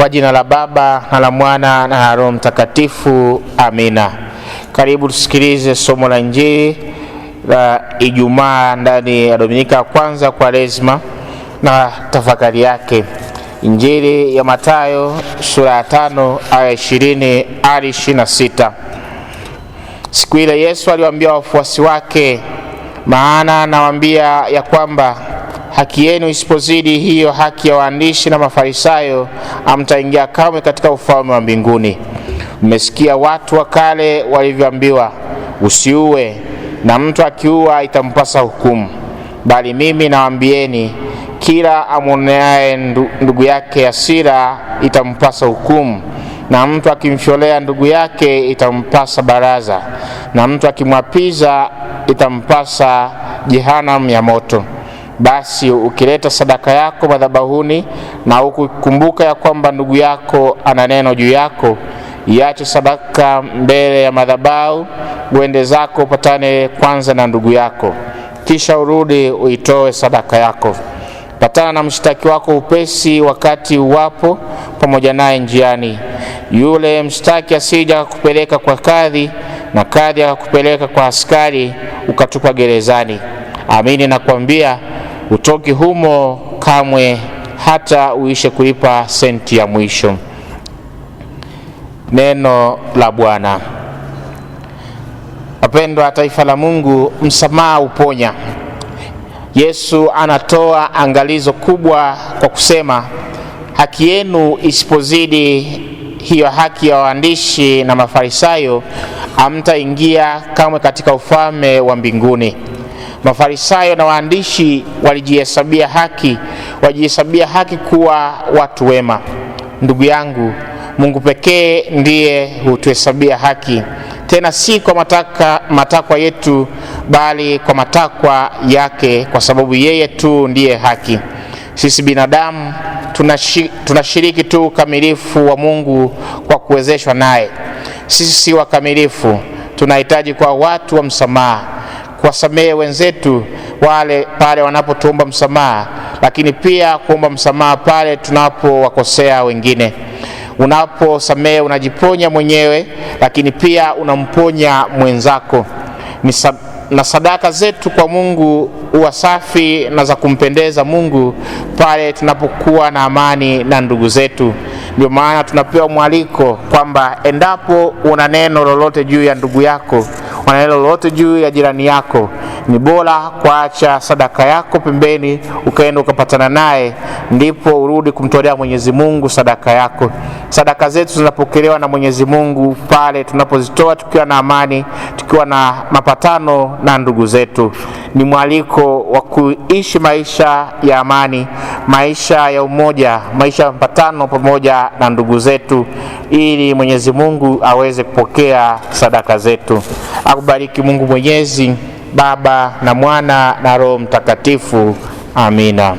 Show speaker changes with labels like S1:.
S1: Kwa jina la Baba na la Mwana na Roho Mtakatifu, amina. Karibu tusikilize somo la Injili la Ijumaa ndani ya Dominika ya kwanza kwa Kwaresma na tafakari yake. Injili ya Mathayo sura ya tano aya ishirini hadi ishirini na sita. Siku ile Yesu aliwaambia wafuasi wake, maana nawaambia ya kwamba haki yenu isipozidi hiyo haki ya waandishi na Mafarisayo, amtaingia kamwe katika ufalme wa mbinguni. Mmesikia watu wa kale walivyoambiwa, usiue na mtu akiua itampasa hukumu. Bali mimi nawaambieni, kila amwoneaye ndugu yake asira itampasa hukumu, na mtu akimfyolea ndugu yake itampasa baraza, na mtu akimwapiza itampasa jehanamu ya moto basi ukileta sadaka yako madhabahuni na ukukumbuka ya kwamba ndugu yako ana neno juu yako, iache sadaka mbele ya madhabahu, uende zako upatane kwanza na ndugu yako, kisha urudi uitoe sadaka yako. Patana na mshtaki wako upesi wakati uwapo pamoja naye njiani, yule mshtaki asija akakupeleka kwa kadhi na kadhi akakupeleka kwa askari ukatupa gerezani. Amini nakwambia utoki humo kamwe hata uishe kulipa senti ya mwisho. Neno la Bwana. Wapendwa taifa la Mungu, msamaha uponya. Yesu anatoa angalizo kubwa kwa kusema, haki yenu isipozidi hiyo haki ya waandishi na Mafarisayo, amtaingia kamwe katika ufalme wa mbinguni. Mafarisayo na waandishi walijihesabia haki, walijihesabia haki kuwa watu wema. Ndugu yangu, Mungu pekee ndiye hutuhesabia haki, tena si kwa mataka, matakwa yetu, bali kwa matakwa yake, kwa sababu yeye tu ndiye haki. Sisi binadamu tunashiriki tu ukamilifu wa Mungu kwa kuwezeshwa naye. Sisi si wakamilifu, tunahitaji kwa watu wa msamaha kuwasamehe wenzetu wale pale wanapotuomba msamaha, lakini pia kuomba msamaha pale tunapowakosea wengine. Unaposamehe unajiponya mwenyewe, lakini pia unamponya mwenzako. Na sadaka zetu kwa Mungu huwa safi na za kumpendeza Mungu pale tunapokuwa na amani na ndugu zetu. Ndio maana tunapewa mwaliko kwamba endapo una neno lolote juu ya ndugu yako Unaneno lolote juu ya jirani yako ni bora kuacha sadaka yako pembeni, ukaenda ukapatana naye, ndipo urudi kumtolea Mwenyezi Mungu sadaka yako. Sadaka zetu zinapokelewa na Mwenyezi Mungu pale tunapozitoa tukiwa na amani, tukiwa na mapatano na ndugu zetu. Ni mwaliko wa kuishi maisha ya amani, maisha ya umoja, maisha ya mapatano pamoja na ndugu zetu, ili Mwenyezi Mungu aweze kupokea sadaka zetu. Akubariki Mungu Mwenyezi Baba na Mwana na Roho Mtakatifu. Amina.